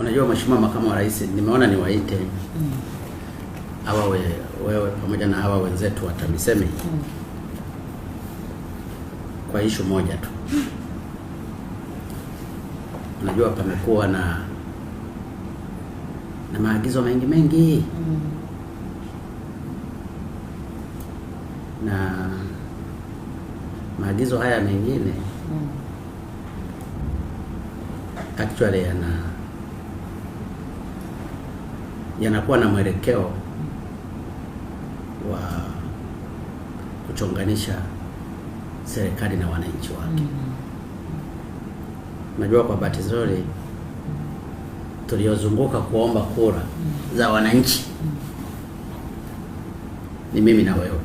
Unajua Mheshimiwa Makamu wa Rais, nimeona niwaite mm. hawa we, wewe pamoja na hawa wenzetu wa TAMISEMI mm. kwa ishu moja tu mm. Unajua pamekuwa na na maagizo mengi mengi mm. na maagizo haya mengine mm. actually yana yanakuwa na mwelekeo wa kuchonganisha serikali na wananchi wake. Mm-hmm. Najua kwa bahati nzuri tuliozunguka kuomba kura mm-hmm. za wananchi mm-hmm. ni mimi na wewe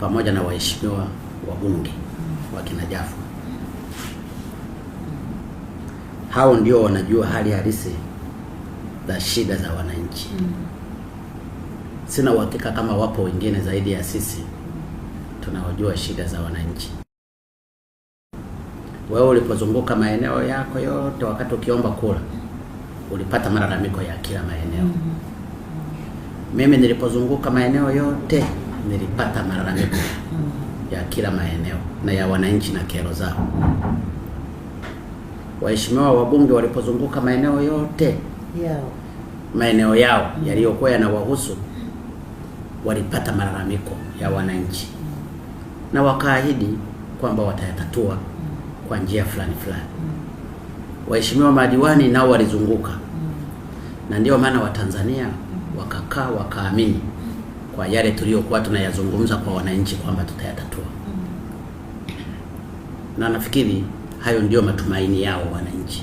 pamoja na waheshimiwa wabunge wa Kinajafu. Hao ndio wanajua hali halisi za shida za wananchi. Mm. Sina uhakika kama wapo wengine zaidi ya sisi tunaojua shida za wananchi. Wewe ulipozunguka maeneo yako yote, wakati ukiomba kura, ulipata malalamiko ya kila maeneo. Mm Mimi nilipozunguka maeneo yote nilipata malalamiko mm-hmm. ya kila maeneo na ya wananchi na kero zao. Waheshimiwa wabunge walipozunguka maeneo yote maeneo yao yaliyokuwa yanawahusu, walipata malalamiko ya wananchi na wakaahidi kwamba watayatatua kwa njia fulani fulani. Waheshimiwa madiwani nao walizunguka, na ndio maana Watanzania wakakaa wakaamini kwa yale tuliyokuwa tunayazungumza kwa wananchi kwamba tutayatatua, na nafikiri hayo ndio matumaini yao wananchi.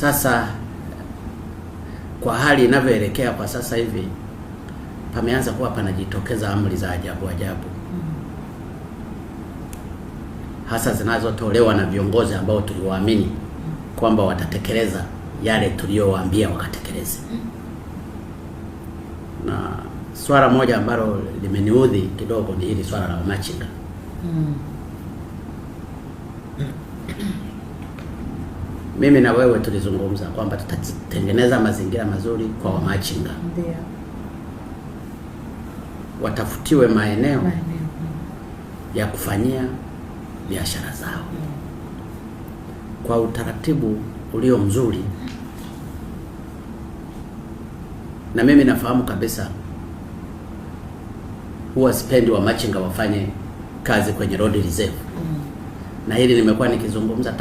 Sasa kwa hali inavyoelekea kwa sasa hivi, pameanza kuwa panajitokeza amri za ajabu ajabu, hasa zinazotolewa na viongozi ambao tuliwaamini kwamba watatekeleza yale tuliyowaambia wakatekeleze. Na swala moja ambalo limeniudhi kidogo ni hili swala la wamachinga. Mm mimi na wewe tulizungumza kwamba tutatengeneza mazingira mazuri kwa wamachinga, ndio watafutiwe maeneo, maeneo ya kufanyia biashara zao kwa utaratibu ulio mzuri, na mimi nafahamu kabisa huwa sipendi wamachinga wafanye kazi kwenye road reserve, mm. na hili nimekuwa nikizungumza